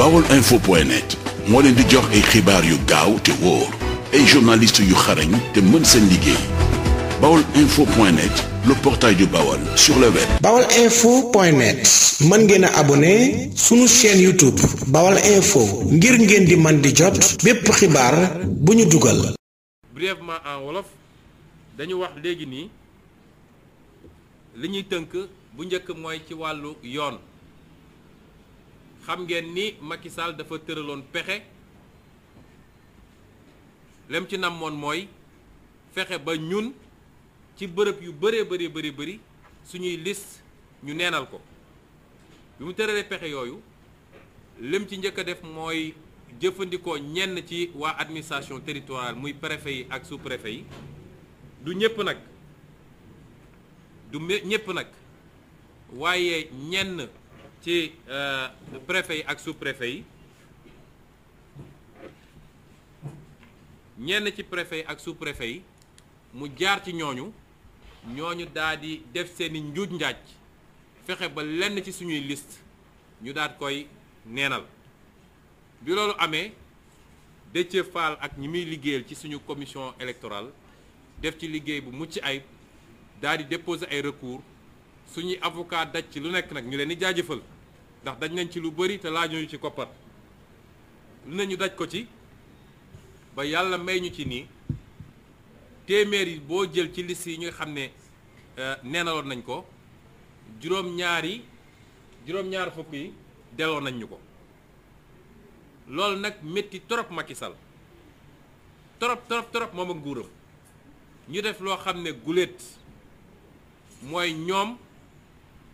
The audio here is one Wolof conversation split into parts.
bawol info point net moo leen di jox ay xibaar yu gaaw te wóor ay journalistes yu xarañ te mën seen liggéey bawol info point net le portail du Baol sur le web. Baol info point net mën ngeen a abonné sunu chaîne YouTube Baol info ngir ngeen di man di jot bépp xibaar bu ñu dugal. brièvement en wolof dañu wax léegi nii li ñuy tënk bu njëkk mooy ci wàllu yoon. xam ngeen ni Macky Sall dafa tëraloon pexe lem ci namoon mooy fexe ba ñun ci bërëb yu bëree bëri bëri bëri suñuy liste ñu neenal ko bi mu tëralee pexe yooyu lim ci njëkk a def mooy jëfandikoo ñenn ci waa administration territoriale muy préfet yi ak sous-préfet yi du ñëpp nag du ñëpp nag waaye ñenn ci euh, préfet yi ak sous-préfet yi ñenn ci préfet yi ak sous-préfet yi mu jaar ci ñooñu ñooñu daal def seeni njuuj njaaj fexe ba lenn ci suñuy list ñu daal koy neenal bi loolu amee Déthié Fall ak ñi muy liggéeyal ci suñu commission électorale def ci liggéey bu mucc ay daal di déposer ay recours suñuy avocat daj ci lu nekk nag ñu leen di jaajëfal ndax dañ nañ ci lu bëri te laajuñu ci koppar lu ne daj ko ci ba yàlla may ñu ci nii téeméer yi boo jël ci liste yi ñu xam ne euh, neenaloon nañ ko juróom-ñaar yi juróom-ñaar fukk yi delloo nañ ñu ko loolu nag metti torop Macky Sall torop torop torop moom ak nguuram ñu def loo xam ne guléet mooy ñoom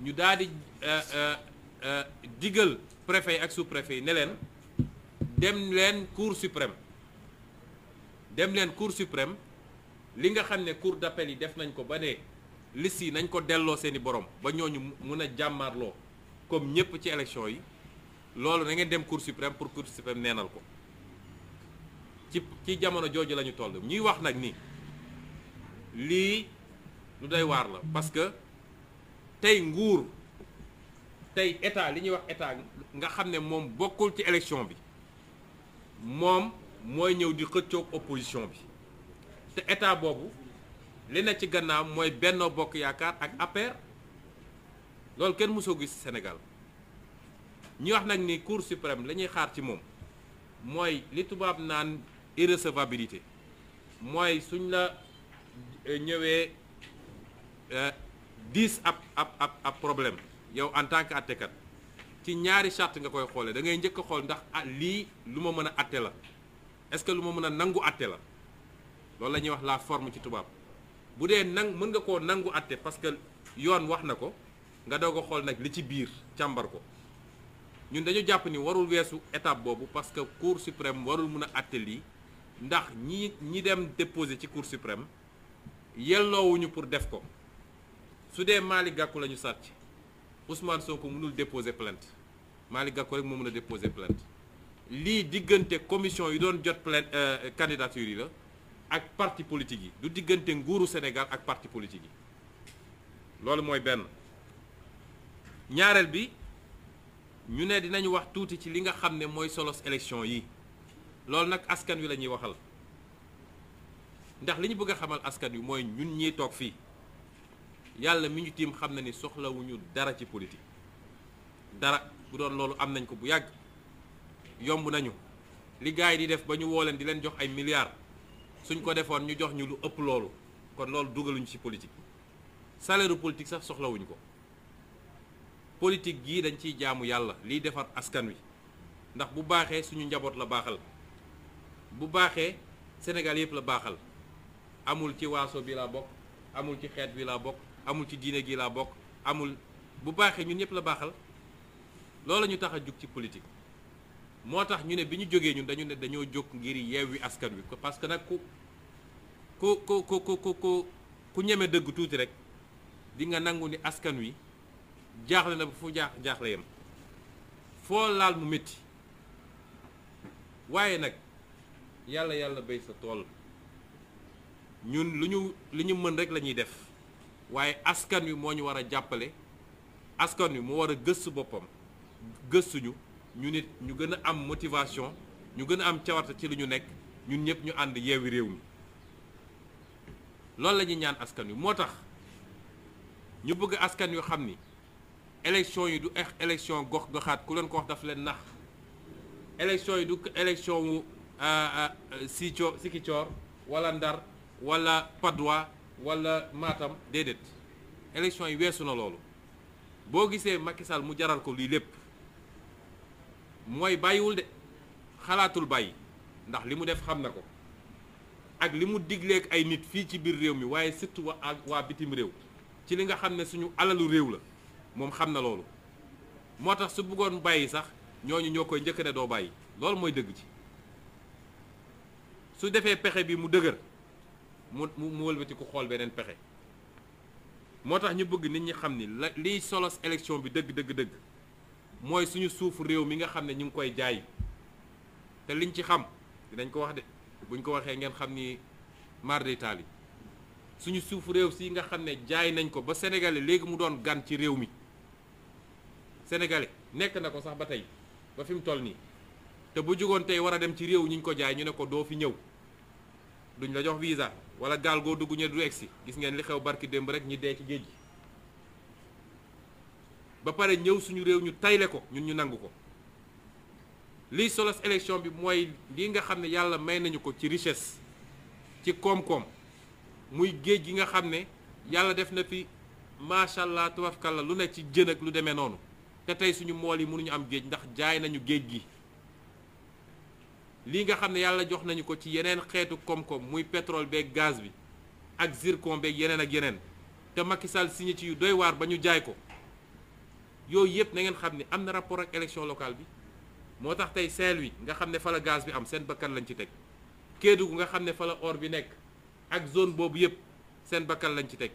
ñu daldi euh, euh, Euh, digal préfet yi ak sous-préfet yi ne leen dem leen cour suprême dem leen cour suprême li nga xam ne cour d'appel yi def nañ ko ba ne liste yi nañ ko delloo seeni borom ba ñoo ñu mun a jàmmaarloo comme ñëpp ci élection yi loolu na ngeen dem cour suprême pour cour suprême neenal ko ci ci jamono jooju la ñu toll ñuy wax nag ni lii lu doy waar la parce que tey nguur tey état li ñuy wax état nga xam ne moom bokkul ci élection bi moom mooy ñëw di xëccoog opposition bi te état boobu li na ci gannaaw mooy bennoo Bokk Yaakaar ak APR loolu kenn mosoo gis senegal ñu wax nag ni Cour suprême la ñuy xaar ci moom mooy li tubaab naan irrecevabilité mooy suñ la eh, ñëwee eh, dix ab ab ab ab yow en tant que attekat ci ñaari charte nga koy xoolee da ngay njëkk a xool ndax ah lii lu ma mën a atte la est-ce que lu ma mën a nangu atte la loolu la ñuy wax laa forme ci tubaab bu dee nang mën nga koo nangu atte parce que yoon wax na ko nga doog a xool nag li ci biir càmbar ko ñun dañu jàpp ni warul weesu étape boobu parce que cour suprême warul mun a atte lii ndax ñi ñi dem déposer ci cour suprême yelloowuñu pour def ko su dee maali Gakou la ñu sàcc Ousmane Sonko mënul déposer plainte Malick Gakou rek moo mën a déposer plainte lii diggante commission yi doon jot plainte euh, candidature yi la ak parti politique yi du diggante nguuru Sénégal ak parti politique yi loolu mooy benn ñaareel bi ñu ne dinañu wax tuuti ci li nga xam ne mooy solos élection yi loolu nag askan wi la ñuy waxal ndax li ñu bëgg a xamal askan wi mooy ñun ñiy toog fii yàlla mi ñu tiim xam na ni soxlawuñu dara ci politique dara bu doon loolu am nañ ko bu yàgg yomb nañu li yi di def ba ñu woo leen di leen jox ay milliards suñ ko defoon ñu jox ñu lu ëpp loolu kon loolu dugaluñu ci politique salaire politique sax soxlawuñu ko politique gii dañ ciy jaamu yàlla liy defar askan wi ndax bu baaxee suñu njaboot la baaxal bu baaxee Sénégal yëpp la baaxal amul ci waaso bi laa bokk amul ci xeet bi laa bokk amul ci diine gi laa bokk amul bu baaxee ñun ñëpp la baaxal loola ñu tax a jug ci politique moo tax ñu ne bi ñu jógee ñun dañu ne dañoo jóg ngir yewwi askan wi parce que nag ku ku ku ku ku ku ku ñeme dëgg tuuti rek di nga nangu ni askan wi jaaxle na bu fu jaax foo laal mu metti waaye nag yàlla yàlla bay sa tool ñun lu ñu lu ñu mën rek la ñuy def waaye askan wi moo ñu war a jàppale askan wi mu war a gëstu boppam gëstuñu ñu nit ñu gën a am motivation ñu gën a am cawarte ci lu ñu nekk ñun ñëpp ñu ànd yeewi réew mi loolu la ñuy ñaan askan wi moo tax ñu bëgg askan yu xam ni élection yi du ex élection gox goxaat ku leen ko wax daf leen nax élection yi du élection wu euh, euh, Sico Sikicoor walla Ndar walla Padois wala Matam déedéet élection yi weesu na loolu boo gisee Macky Sall mu jaral ko lii lépp mooy bàyyiwul de xalaatul bàyyi ndax li mu def xam na ko ak li mu digleek ay nit fii ci biir réew mi waaye surtout ak waa bitim réew ci li nga xam ne suñu alalu réew la moom xam na loolu moo tax su bëggoon bàyyi sax ñooñu ñoo koy njëkk ne doo bàyyi loolu mooy dëgg ci su defee pexe bi mu dëgër mu mu wëlbati ku xool beneen pexe moo tax ñu bëgg nit ñi xam ni la liy solo élection bi dëgg dëgg dëgg mooy suñu suuf réew mi nga xam ne ñu ngi koy jaay te liñ ci xam dinañ ko wax de buñ ko waxee ngeen xam ni mar de yi suñu suuf réew si nga xam ne jaay nañ ko ba sénégalais léegi mu doon gan ci réew mi sénégalais nekk na ko sax ba tey ba fi mu toll nii te bu jógoon tey war a dem ci réew ñi ñu ko jaay ñu ne ko doo fi ñëw duñ la jox visa wala gaal goo dugg ñe du egsi gis ngeen li xew barki démb rek ñi dee ci géej gi ba pare ñëw suñu réew ñu tayle ko ñun ñu nangu ko li solos élection bi mooy lii nga xam ne yàlla may nañu ko ci riches ci koom-koom muy géej gi nga xam ne yàlla def na fi macha allah tubaab lu nekk ci jën ak lu demee noonu te tey suñu mool yi mënuñu am géej ndax jaay nañu géej gi. lii nga xam ne yàlla jox nañu ko ci yeneen xeetu koom-koom muy pétrole beeg gaz bi ak zircon beeg yeneen ak yeneen te Macky Sall signé ci yu doy waar ba ñu jaay ko yooyu yëpp na ngeen xam ne am na rapport ak élection locale bi moo tax tey Saint-Louis nga xam ne fa la gaz bi am seen bakkan lañ ci teg Kédougou nga xam ne fa la or bi nekk ak zone boobu yëpp seen bakkan lañ ci teg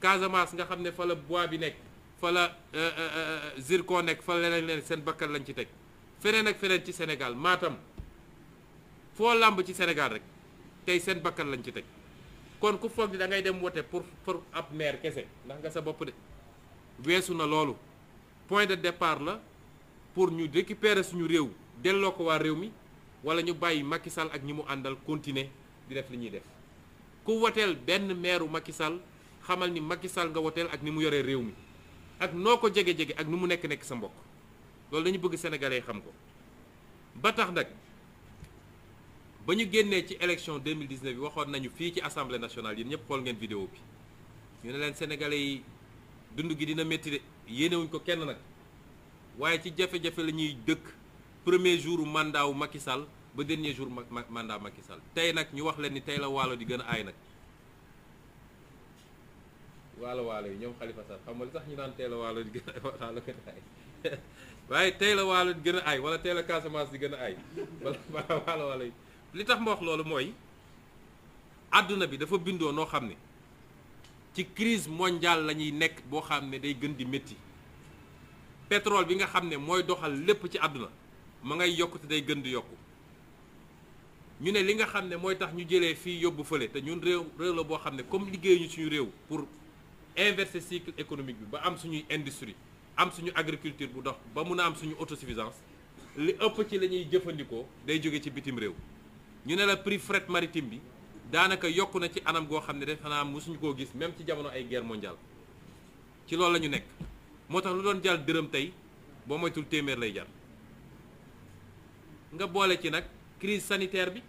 Casamance nga xam ne fa la bois bi nekk fa la euh, euh, euh, zircon nekk fa la leen seen bakkan lañ ci teg feneen ak feneen ci Sénégal foo làmb ci Sénégal rek tey seen bakkan lañ ci teg kon ku foog ni da ngay dem wote pour pour ab maire kese ndax nga sa bopp de weesu na loolu point de départ la pour ñu récupérer suñu réew delloo ko waa réew mi wala ñu bàyyi Macky Sall ak ñi mu àndal continuer di def li ñuy def ku woteel benn maireu Macky Sall xamal ni Macky Sall nga woteel ak ni mu yoree réew mi ak noo ko jege jege ak nu mu nekk nekk sa mbokk loolu dañu bëgg sénégalais xam ko ba tax nag. ba ñu génnee ci élection 2019 bi waxoon nañu fii ci assemblée nationale yéen ñëpp xool ngeen vidéo bi ñu ne leen sénégalais yi dund gi dina métti de yéenewuñ ko kenn nag waaye ci jafe-jafe la ñuy dëkk premier jour mandat makki Macky ba dernier jour mandat Macky Sall tey nag ñu wax leen ni tey la waalo di gën a aay nag waalo waalo yi ñoom Khalifa Sall xam tax ñu naan tey la waalo di gën aay waaye tey la waalo di gën a aay wala tey la Casamance di gën a yi li tax ma wax loolu mooy àdduna bi dafa bindoo noo xam ne ci crise mondiale la ñuy nekk boo xam ne day gën di métti pétrole bi nga xam ne mooy doxal lépp ci àdduna ma ngay yokk te day gën di yokku ñu ne li nga xam ne mooy tax ñu jëlee fii yóbbu fële te ñun réew réew la boo xam ne comme liggéeyuñu suñu réew pour inverser cycle économique bi ba am suñuy industrie am suñu agriculture bu dox ba mun a am suñu autosuffisance li ëpp ci la ñuy jëfandikoo day jóge ci bitim réew ñu ne la prix fret maritime bi daanaka yokk na ci anam goo xam ne def xanaa mosuñu koo gis même ci jamono ay guerre mondiale ci loolu la ñu nekk moo tax lu doon jàll dërëm tey boo moytul téeméer lay jar nga boole ci nag crise sanitaire bi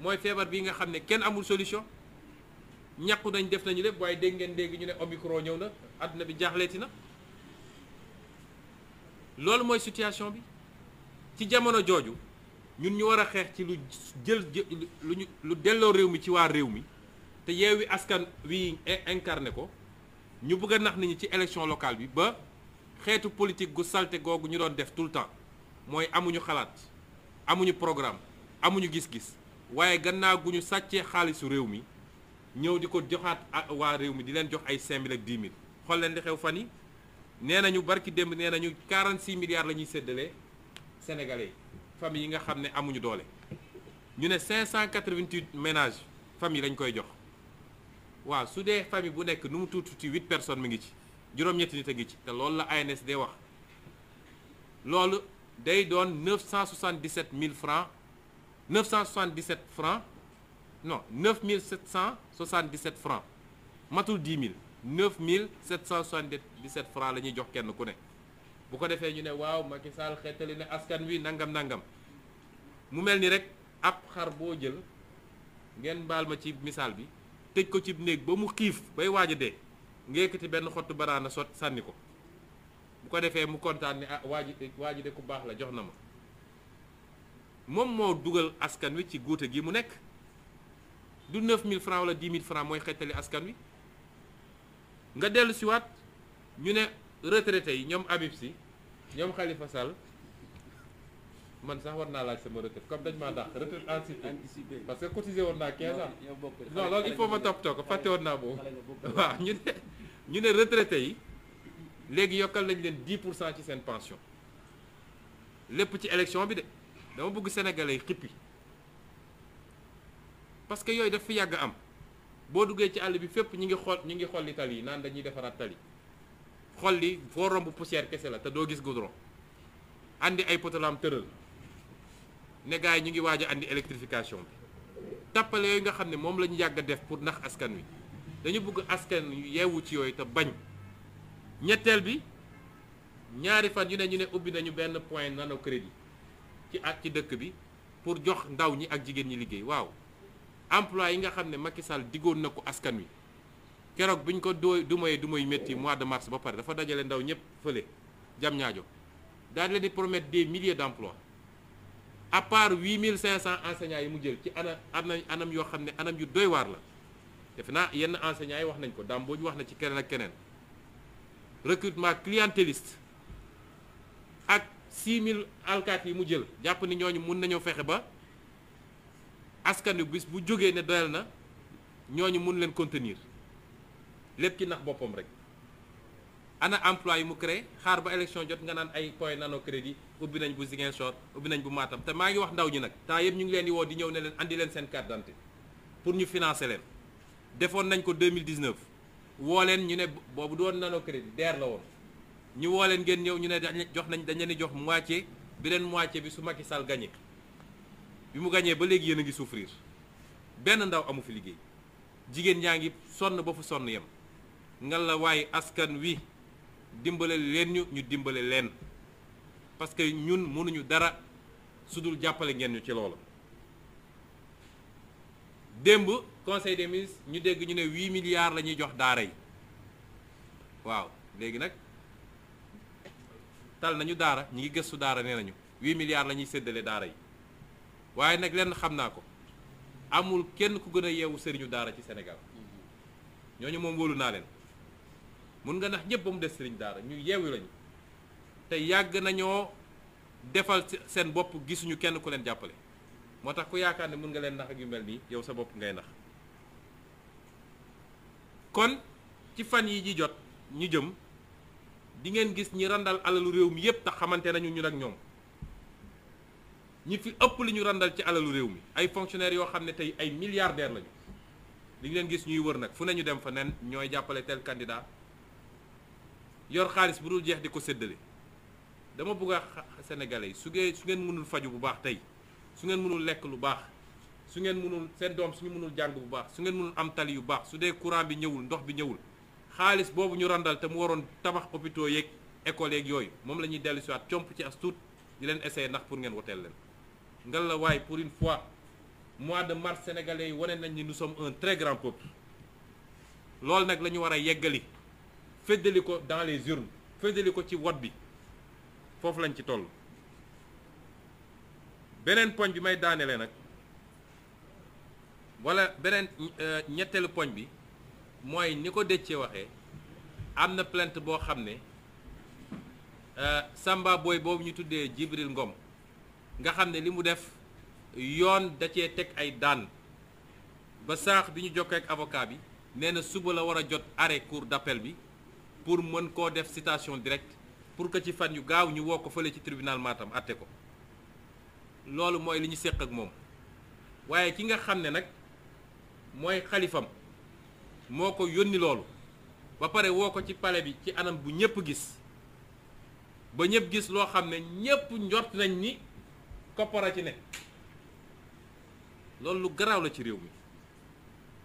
mooy feebar bi nga xam ne kenn amul solution ñàkku nañ def nañu lépp waaye dégg ngeen dégg ñu ne omicron ñëw na àdduna bi jaaxleeti na loolu mooy situation bi ci jamono jooju ñun ñu war a xeex ci lu jël lu lu delloo réew mi ci waa réew mi te yeewi askan wi incarné ko ñu bëgg a nax nit ñi ci élection locale bi ba xeetu politique gu salte googu ñu doon def tout le temps mooy amuñu xalaat amuñu programme amuñu gis-gis waaye gannaaw gu ñu sàccee xaalisu réew mi ñëw di ko joxaat waa réew mi di leen jox ay 5000 ak 10 xool leen li xew fan yi nee nañu barki démb nee nañu 46 milliards la ñuy séddalee sénégalais famille yi nga xam ne amuñu doole ñu ne ménage ménages famille lañ koy jox waaw su dee famille bu nekk nu mu tuuti ci huit personnes mi ngi ci juróom-ñetti nit a ngi ci te loolu la ANSD wax loolu day doon 977 000 francs 977 francs non 9777 francs matul 10 000 9777 francs la ñuy jox kenn ku ne bu ko defee ñu ne waaw Macky Sall xeetali ne askan wi nangam nangam mu mel ni rek ab xar boo jël ngeen baal ma ci misaal bi tëj ko ci néeg ba mu xiif bay waaja de dee nga yëkkati benn xottu baraana sot sànni ko bu ko defee mu kontaan ni ah waa ji de ku baax la jox na ma moom moo dugal askan wi ci guute gi mu nekk du 9000 francs wala 10 000 francs mooy xeetali askan wi nga dellu siwaat ñu ne retraité yi ñoom Habib Sy ñoom Khalifa sal man sax war naa laaj sama retraite comme dañ maa dàq retraite anticipée parce que cotisé woon naa 15 ans non loolu il faut ma toppatoo ko fàtte woon naa boobu waaw ñu ne ñu ne retraité yi léegi yokkal nañ leen 10 pour cent ci seen pension lépp ci élection bi de dama bëgg sénégalais yi xippi parce que yooyu daf fi yàgg am boo duggee ci àll bi fépp ñu ngi xool ñu ngi xool li tali yi naan dañuy defaraat tali xol li foo romb poussière kese la te doo gis goudron àndi ay potlam tëral ne yi ñu ngi waaj a andi électrification bi tappale yooyu nga xam ne moom la ñu yàgg def pour ndax askan wi dañu bëgg askan yeewu ci yooyu te bañ ñetteel bi ñaari fan yu ne ñu ne ubbi nañu benn point nano crédit ci at ci dëkk bi pour jox ndaw ñi ak jigéen ñi liggéey waaw emploi yi nga xam ne Macky Sall diggoon na ko askan wi keroog bi ñu ko doo du may du may métti mois de mars ba pare dafa dajale ndaw ñëpp fële jam ñaajo daal leen di promettre des milliers d'emplois à part 8500 enseignants yi mu jël ci ana anam anam yoo xam ne anam yu doy waar la defe naa yenn enseignants yi wax nañ ko daam boo ñu wax na ci keneen ak keneen recrutement clientéliste ak 6000 alkaat yi mu jël jàpp ni ñu mun nañoo fexe ba askan wi bis bu jógee ne doyal na ñoo ñu mun leen contenir lépp ci nax boppam rek ana emploi yi mu créé xaar ba election jot nga naan ay point nano crédit ubbi nañ bu Ziguinchor ubbi nañ bu maatam te maa ngi wax ndaw ñi nag temps yëpp ñu ngi leen di woo di ñëw ne leen andi leen seen carte pour ñu financer leen defoon nañ ko 2019 woo leen ñu ne boobu doon nano crédit deer la woon ñu woo leen ngeen ñëw ñu ne dañ jox nañ dañ leen di jox moitié bi leen moitié bi su Macky Sall gagné bi mu gagné ba léegi yéen a ngi souffrir benn ndaw amu fi liggéey jigéen ñaa ngi sonn ba fu sonn yem ngalla waay askan wi dimbale leen ñu dimbale leen parce que ñun mënuñu dara su dul jàppale ngeen ñu ci loolu démb conseil des ministres ñu dégg ñu ne huit milliards la ñuy jox daara yi waaw léegi nag tal nañu daara ñi ngi gëstu daara nee nañu huit milliards la ñuy séddale daara yi waaye nag lenn xam naa ko amul kenn ku gën a yeewu sëriñu daara ci Sénégal mm-hmm. ñooñu moom wóolu naa leen mun nga nax ñëpp ba mu des sëriñ daara ñu yeewu lañu te yàgg nañoo defal seen bopp gisuñu kenn ku leen jàppale moo tax ku yaakaar ne mun nga leen nax ak yu mel nii yow sa bopp ngay nax kon ci fan yi ji jot ñu jëm di ngeen gis ñi randal alalu réew mi yépp tax xamante nañu ñun ak ñoom ñi fi ëpp li ñu randal ci alalu réew mi ay fonctionnaires yoo xam ne tey ay milliardaires lañu li ngeen gis ñuy wër nag fu ne ñu dem fa nen ñooy jàppale tel kandidaa yor xaalis bu dul jeex di ko séddale dama bëgg a sénégalais yi su ngeen su ngeen mënul faju bu baax tey su ngeen mënul lekk lu baax su ngeen mënul seen doom suñu mënul jàng bu baax su ngeen mënul am tali yu baax su dee courant bi ñëwul ndox bi ñëwul xaalis boobu ñu randal te mu waroon tabax hôpitaux yeeg école yeeg yooyu moom la ñuy dellu si waat comp ci as tuut di leen essayer ndax pour ngeen woteel leen ngal la waaye pour une fois mois de mars sénégalais yi wane nañ ni nous sommes un très loolu nag la war a yeggali feddali ko dans les urnes feddali ko ci wot bi foofu lañ ci toll beneen poñ bi may daanelee nag wala beneen euh, ñetteelu poñ bi mooy ni ko Déthié waxe am na plainte boo xam ne euh, Samba booy boobu ñu tuddee Jibril Ngom nga xam ne li mu def yoon da cee teg ay daan ba saax bi ñu jokkee ak avocat bi nee na suba la war a jot arrêt cour d'appel bi pour mën koo def citation directe pour que ci fan yu gaaw ñu woo ko fële ci tribunal Matam àtte ko loolu mooy li ñu séq ak moom waaye ki nga xam ne nag mooy xalifam moo ko yónni loolu ba pare woo ko ci pale bi ci anam bu ñëpp gis ba ñëpp gis loo xam ne ñëpp njort nañ ni koppara ci ne loolu lu la ci réew mi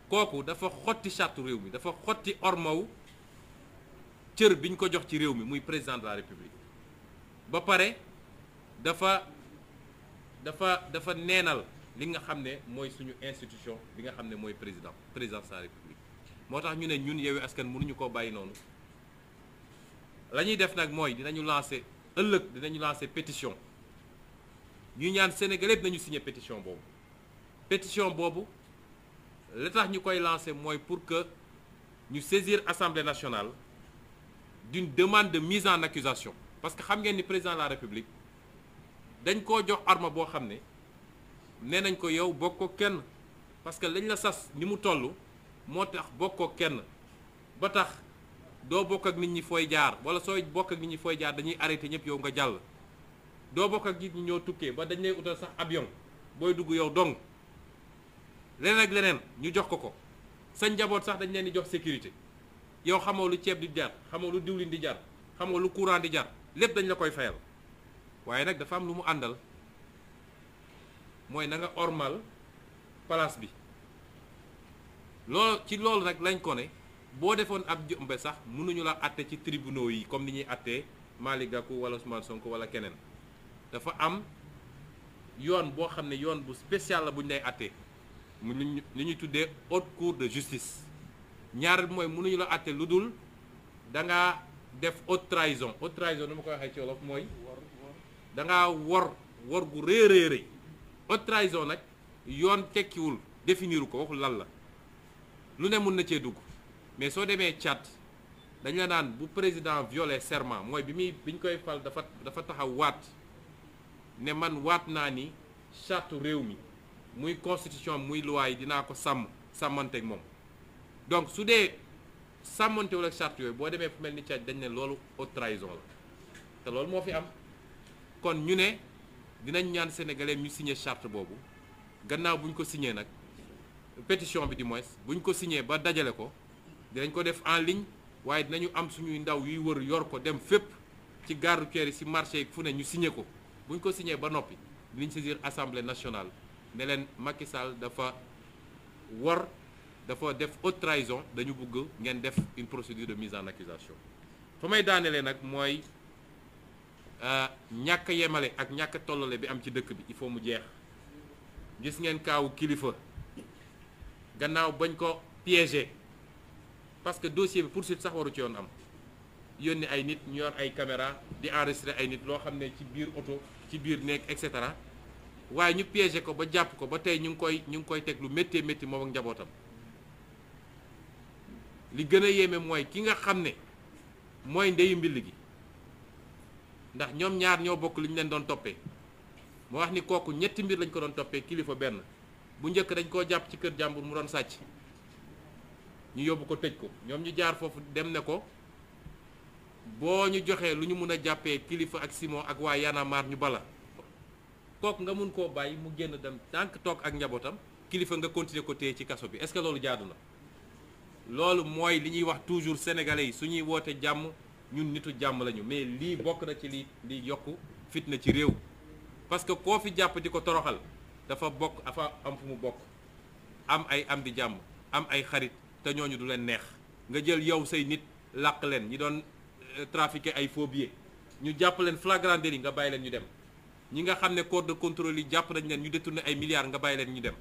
kooku dafa xotti charte réew mi dafa xotti ormaw cër biñ ko jox ci réew mi muy président la république ba pare dafa dafa dafa neenal li nga xam ne mooy suñu institution bi nga xam ne mooy président présidence de la république moo tax ñu ne ñun Yewwi Askan mënuñu koo bàyyi noonu la ñuy def nag mooy dinañu lancer ëllëg dinañu lancer pétition ñu ñaan sénégalais nañu signé pétition boobu pétition boobu la tax ñu koy lancer mooy pour que ñu saisir assemblée nationale d'une demande mise en accusation parce que xam ngeen ni président la république dañ koo jox arma boo xam ne nee nañ ko yow bokkoo kenn parce que lañ la sas ni mu toll moo tax bokkoo kenn ba tax doo bokk ak nit ñi fooy jaar wala sooy bokk ak nit ñi fooy jaar dañuy arrêté ñëpp yow nga jàll doo bokk ak nit ñi ñoo tukkee ba dañ lay utal sax ab avion booy dugg yow dong leneen ak leneen ñu jox ko ko sa njaboot sax dañ leen di jox sécurité yow xamoo lu ceeb di jar xamoo lu diwlin di jar xamoo lu courant di jar lépp dañ la koy fayal waaye nag dafa am lu mu àndal mooy nanga ormal place bi loolu ci loolu nag lañ ko ne boo defoon ab jombe sax mënuñu la àtte ci tribunaux yi comme ni ñuy àttee Malick Gakou wala Ousmane Sonko wala keneen dafa am yoon boo xam ne yoon bu spécial la bu ñu lay àttee mu ñu ñuy tuddee haute cour de justice ñaar mooy mënuñu la àtte lu dul da ngaa def haute trahison haute trahison nu koy waxee ci wolof mooy da ngaa wor wor gu rëy rëy rëy trahison nag yoon tekkiwul définir ko waxul lan la lu ne mun na cee dugg mais soo demee Tchad dañ la naan bu président violé serment mooy bi muy biñ koy fal dafa dafa taxaw waat ne man waat naa ni charte réew mi muy constitution muy luwaay yi dinaa ko sàmm sàmmanteeg moom donc su dee sàmmantewul ak charte yooyu boo demee fu mel ni Tchad dañ ne loolu haute trahison la te loolu moo fi am kon ñu ne dinañ ñaan sénégalais ñu signé charte boobu gannaaw buñ ko signé nag pétition bi du moins bu ko signé ba dajale ko dinañ ko def en ligne waaye dinañu am suñuy ndaw yuy wër yor ko dem fépp ci gare routière yi si marché yi fu ne ñu signé ko buñ ko signé ba noppi dinañ saisir assemblée nationale ne leen Macky Sall dafa war. dafa def haute trahison dañu bugg ngeen def une procédure de mise en accusation fa may daanelee nag mooy euh, ñàkk yemale ak ñàkk a tollale bi am ci dëkk bi il faut mu jeex gis ngeen kaawu kilifa gannaaw bañ ko piégé parce que dossier bi poursuite sax waru ci yoon am yónni ay nit ñu yor ay caméra di enregistré ay nit loo xam ne ci biir oto ci biir nekk et cetera waaye ñu piégé ko ba jàpp ko ba tey ñu ngi koy ñu ngi koy teg lu métti métti moom ak njabootam. li gën a yéeme mooy ki nga xam ne mooy ndeyu mbill gi ndax ñoom ñaar ñoo bokk li ñu leen doon toppee moo wax ni kooku ñetti mbir lañ ko doon toppee kilifa benn bu njëkk dañ koo jàpp ci kër jàmbur mu doon sàcc ñu yóbbu ko tëj ko ñoom ñu jaar foofu dem ne ko boo ñu joxee lu ñu mun a jàppee kilifa ak Simon ak waa yanamaar ñu bala kooku nga mun koo bàyyi mu génn dem tànk toog ak njabootam kilifa nga continuer ko téye ci kaso bi est-ce que loolu jaadu na loolu mooy li ñuy wax toujours sénégalais yi su ñuy woote jàmm ñun nitu jàmm lañu mais lii bokk na ci lii lii yokku fitna ci réew parce que koo fi jàpp di ko toroxal dafa bokk afa am fu mu bokk am ay am di jàmm am ay xarit te ñoo ñu du leen neex nga jël yow say nit làq leen ñi doon euh, trafiqué ay faux billets ñu jàpp leen flagrant délit nga bàyyi leen ñu dem ñi nga xam ne corps de contrôle yi jàpp nañ leen ñu détourné ay milliards nga bàyyi leen ñu dem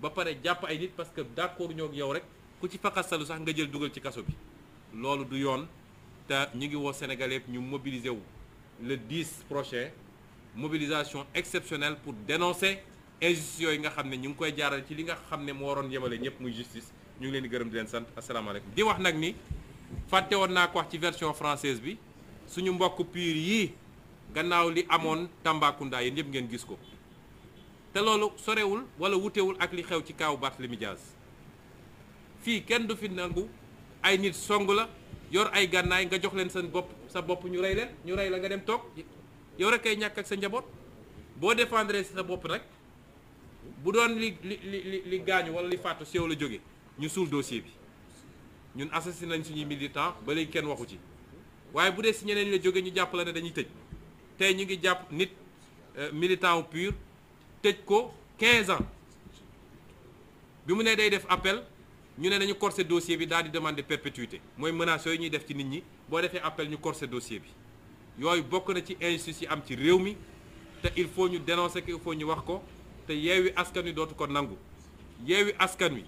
ba pare jàpp ay nit parce que d'accord ñoo yow rek ku ci faqasalu sax nga jël dugal ci kaso bi loolu du yoon te ñu ngi woo sénégalais ñu mobiliser wu le 10 prochain mobilisation exceptionnelle pour dénoncer injustice yooyu nga xam ne ñu ngi koy jaaral ci li nga xam ne moo waroon yemale ñëpp muy justice ñu ngi leen di gërëm di leen sant asalaamaaleykum di wax nag ni fàtte woon naa ko wax ci version française bi suñu mbokk piir yii gannaaw li amoon Tambacounda yéen ñëpp ngeen gis ko te loolu sorewul wala wutewul ak li xew ci kaaw Barthélémy Dias fii kenn du fi nangu ay nit song la yor ay gànnaay nga jox leen seen bopp sa bopp ñu rey leen ñu rey la nga dem toog yow rek ay ñàkk ak sa njaboot boo si sa bopp rek bu doon li li li li gaañu wala li faatu sew la jóge ñu suul dossier bi ñun assassiné nañ suñuy militant ba léegi kenn waxu ci waaye bu dee si ñeneen la jóge ñu jàpp la ne dañuy tëj tey ñu ngi jàpp nit euh, militant pur tëj ko quinze ans bi mu ne day def appel ñu ne nañu corser dossier bi daal di demander perpétuité mooy menaces yooyu ñuy def ci nit ñi boo defee appel ñu corser dossier bi yooyu bokk na ci injustice yi am ci réew mi te il faut ñu dénoncer ko il faut ñu wax ko te yeewi askan wi dootu ko nangu yeewi askan wi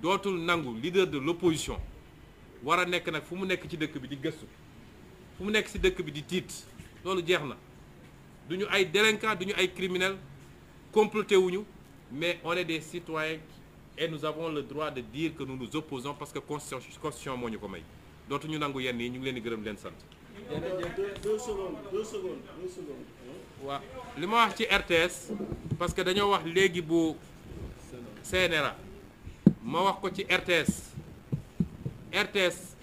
dootul nangu leader de l'opposition war a nekk nag fu mu nekk ci dëkk bi di gëstu fu mu nekk ci dëkk bi di tiit loolu jeex na du ñu ay délinquants du ñu ay criminels comploté wuñu mais on est des citoyens et nous avons le droit de dire que nous nous opposons parce que constitution constitution moo ñu ko may dootu ñu nangu yenn yi ñu ngi leen di gërëm leen sant. li ma wax ci RTS parce que dañoo wax léegi bu CNRA ma wax ko ci RTS RTS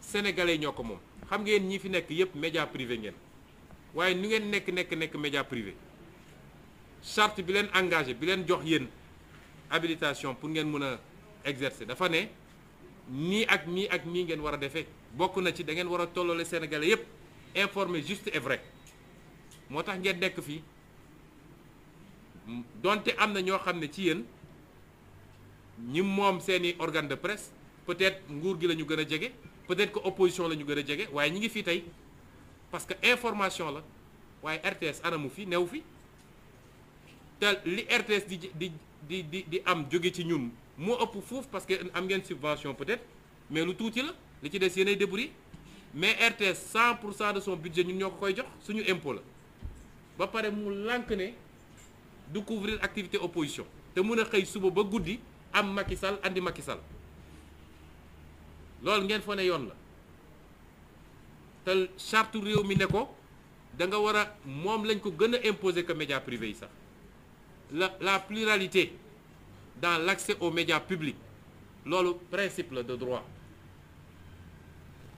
sénégalais ñoo ko moom xam ngeen ñi fi nekk yépp média privé ngeen waaye nu ngeen nekk nekk nekk média privé charte bi leen engagé bi leen jox yéen. habilitation pour ngeen mën a exercer dafa ne nii ak nii ak nii ngeen war a defee bokk na ci da ngeen war a tolloole sénégalais yépp informé juste et vrai moo tax ngeen nekk fii donte am na ñoo xam ne ci yéen ñi moom seeni organe de presse peut-être nguur gi la ñu gën a jege peut-être que opposition la ñu gën a jege waaye ñi ngi fii tey parce que information la waaye RTS anamu fi new fi te li RTS di di di di am jóge ci ñun moo ëpp foofu parce que am ngeen subvention peut-être mais lu tuuti la li ci des yéen ay débris mais RTS 100 pour cent son budget ñun ñoo ko koy jox suñu impôt la ba pare mu lànk ne du couvrir activité opposition te mun a xëy suba ba guddi am Macky Sall andi Macky Sall loolu ngeen fa ne yoon la te charte réew mi ne ko da nga war a moom lañ ko gën a imposer que média privé yi sax la la pluralité dans l'accès au médias publics loolu principe de droit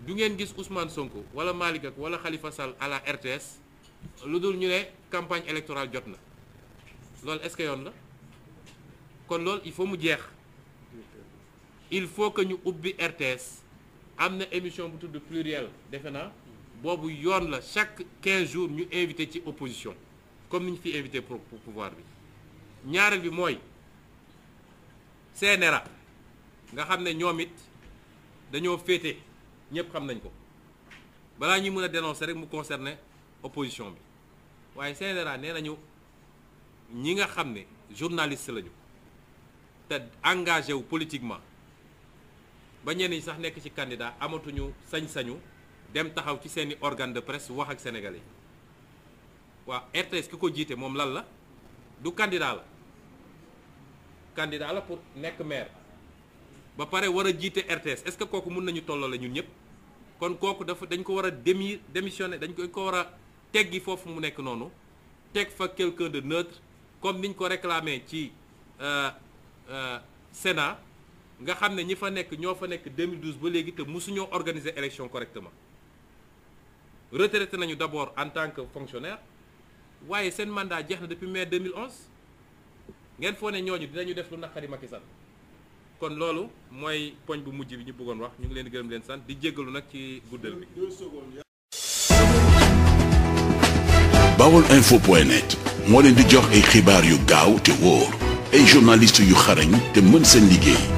du ngeen gis Ousmane Sonko wala Malick wala xalifa Sall à la RTS lu dul ñu ne campagne électorale jot na loolu est-ce que yoon la kon loolu il faut mu jeex il faut que ñu ubbi RTS am na émission bu tudd pluriel defe naa boobu yoon la chaque 15 jours ñu invité ci opposition comme ni ñu fi invité pour pouvoir bi. ñaareel bi mooy CNRA nga xam ne ñoom it dañoo féete ñëpp xam nañ ko balaa ñuy mën a dénoncer rek mu concerner opposition bi waaye CNRA nee nañu ñi nga xam ne journaliste lañu te engagé wu politiquement ba ñenn ñi sax nekk ci candidat amatuñu sañ-sañu dem taxaw ci seeni organe de presse wax ak sénégalais yi waa RTS ki ko jiite moom lan la. du candidat la candidat la pour nekk maire ba pare war a jiite RTS est-ce que kooku mun nañu tolloo la ñun ñëpp kon kooku dafa dañ ko war a démi démissionner dañ ko war a teggi foofu mu nekk noonu teg fa quelqu'un de neutre comme niñ ko réclamé ci euh, euh, Sénat nga xam ne ñi fa nekk ñoo fa nekk 2012 ba léegi te mosuñoo organiser élection correctement retraité nañu d'abord en tant que fonctionnaire waaye seen mandat jeex na depuis mai 2011 ngeen foo ne ñooñu ñu def lu naqari Macky Sall kon loolu mooy poñ bu mujj bi ñu bëggoon wax ñu ngi leen di gërëm leen sant di jéggalu nag ci guddal bi. bawol info point net moo leen di jox ay xibaar yu gaaw te wóor ay journalistes yu xarañ te mën seen liggéey.